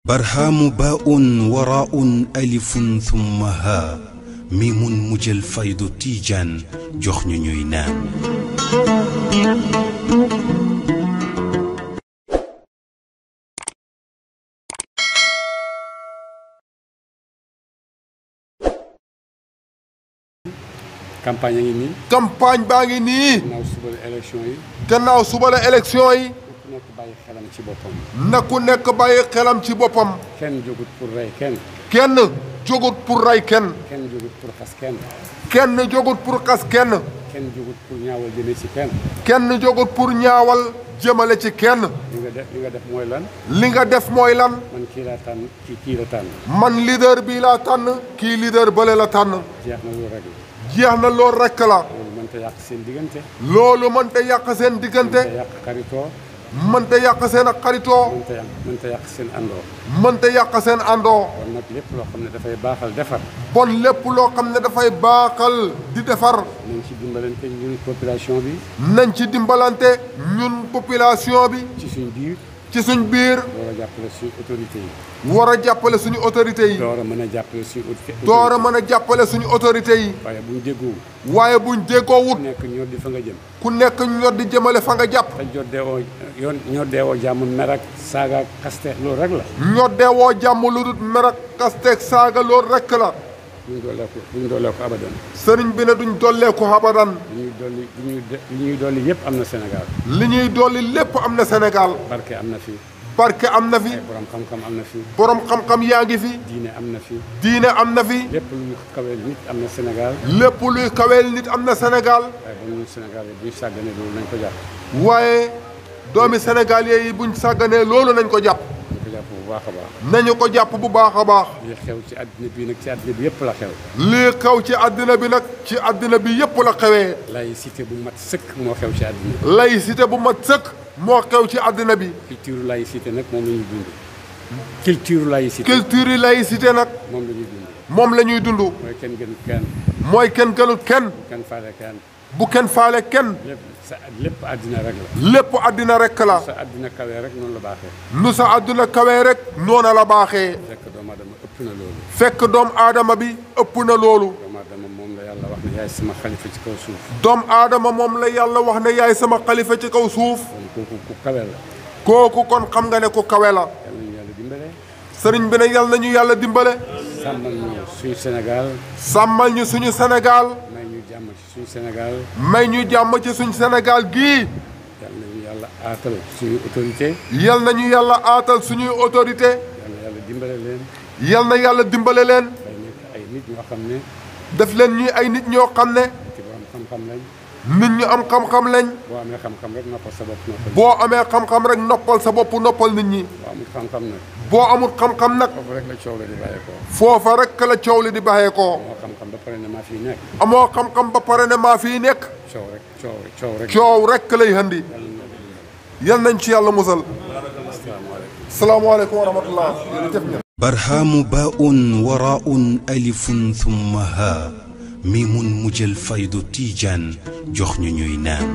barhaamu baun waraun alifun thumma ha mi mu mujjël faydu tiijaan jox ñu naan nekk bàyyi xelam ci boppam. na ku nekk bàyyi xelam ci boppam. kenn jógut pour rey kenn. kenn jógut pour rey kenn. kenn jógut pour xas kenn. kenn jógut pour xas kenn. kenn jógut pour ñaawal jëmee ci kenn. kenn jógut pour ñaawal jëmale ci kenn. li nga def li nga def mooy lan. li nga def mooy lan. man kii laa tànn kii kii la tànn. man leader bii laa tànn. kii leader bële la tànn. jeex na loolu rek la. jeex na loolu rek la. loolu mënta yàq seen diggante. loolu mënta yàq seen diggante. mënta yàq xaritoo. mënta yàq seen ak xaritoo. mënta yàq seen àndoo. mënta yàq seen àndoo. bon nag lépp loo xam ne dafay baaxal defar. bon lépp loo xam ne dafay baaxal di defar. nañ ci dimbalante ñun population bi. nañ ci dimbalante ñun population bi. ci suñ biir. ci suñu biir. war a jàppale suñu autorités yi. war a jàppale suñu autorités yi. door a mën a jàppale suñu autorités yi. door a mën a jàppale suñu autorités yi. waaye buñ déggoo. waaye bu déggoo wut. ku nekk ñor di fa nga jëm. ku nekk ñor di jëmale fa nga jàpp. te ñor dee woo yoon ñor dee woo jàmm mer ak saaga ak kaste loolu rek la. ñor dee woo jàmm lu dul mer ak kaste saaga loolu rek la. duñ dollee ko duñ dollee ko abadan. sëriñ bi ne duñ dollee ko abadan. li ñuy dolli li am na Sénégal. li ñuy dolli lépp am na Sénégal. barke am na fi. barke am na fi. borom xam-xam am na fi. borom xam-xam yaa ngi fi. diine am na fi. diine am na fi. lépp luy kaweel nit am na senegal lépp luy kaweel nit am na senegal waaye ba mu yi bu sàgganee loolu nañ ko jàpp. waaye doomi Sénégal yi buñ sàgganee loolu nañ ko jàpp. jàpp bu baax a baax. nañu ko jàpp bu baax a baax. li xew ci àddina bi nag ci àddina bi yëpp la xew. lii xew ci àddina bi nag ci àddina bi yëpp la xewee. laïcité bu mat sëkk moo xew ci àddina bi. laïcité bu mat sëkk moo xew ci àddina bi. culture laïcité nag moom la ñuy dund. culture laïcité culture laïcité nag. moom la ñuy dund. moom la ñuy dund. mooy kenn gënut mooy kenn gënut kenn. bu kenn faale kenn. bu kenn faale kenn. sa lépp àddina rek la. lépp àddina rek la. lu sa àddina kawee rek noonu la baaxee. lu sa àddina kawee rek noona la baaxee. fekk doomu aadama ëpp na loolu. fekk doomu bi ëpp na loolu. doomu aadama moom la yàlla wax ne yaay sama xalifa ci kaw suuf. doomu aadama moom la yàlla wax ne yaay sama xalifa ci kaw suuf. kooku kon xam nga ne ku kawe la. sëriñ bi ne yàlla nañu yàlla dimbale. sàmmal ñu suñu Sénégal. sàmmal suñu Sénégal. may ñu jàmm ci suñu Sénégal. may ñu jàmm ci suñu Sénégal gii. yal nañu yàlla aatal suñuy autorité yal nañu yàlla aatal suñuy autorité yal na yàlla dimbale leen. yal na yàlla dimbale leen. daf leen nit ñoo xam ne. daf leen ñuy ay nit ñoo xam ne. ci nit ñu am xam-xam lañ. boo amee xam-xam rek noppal sa bopp noppal. boo amee xam rek noppal sa bopp noppal nit ñi. boo boo amul xam-xam nag. foofa rek la coow li di bàyyeekoo. foofa rek la coow li di bàyyeekoo. amoo xam-xam ba pare ne maa fii nekk. amoo xam-xam ba pare ne maa fii nekk. coow rek coow coow rek. coow rek lay andi. yal nañ ci yàlla musal. salaamaaleykum wa rahmatulah. barhaamu baa'un waraa'un alifun thumma haa miimun mujjal faydu tiijaan jox ñu ñuy naan.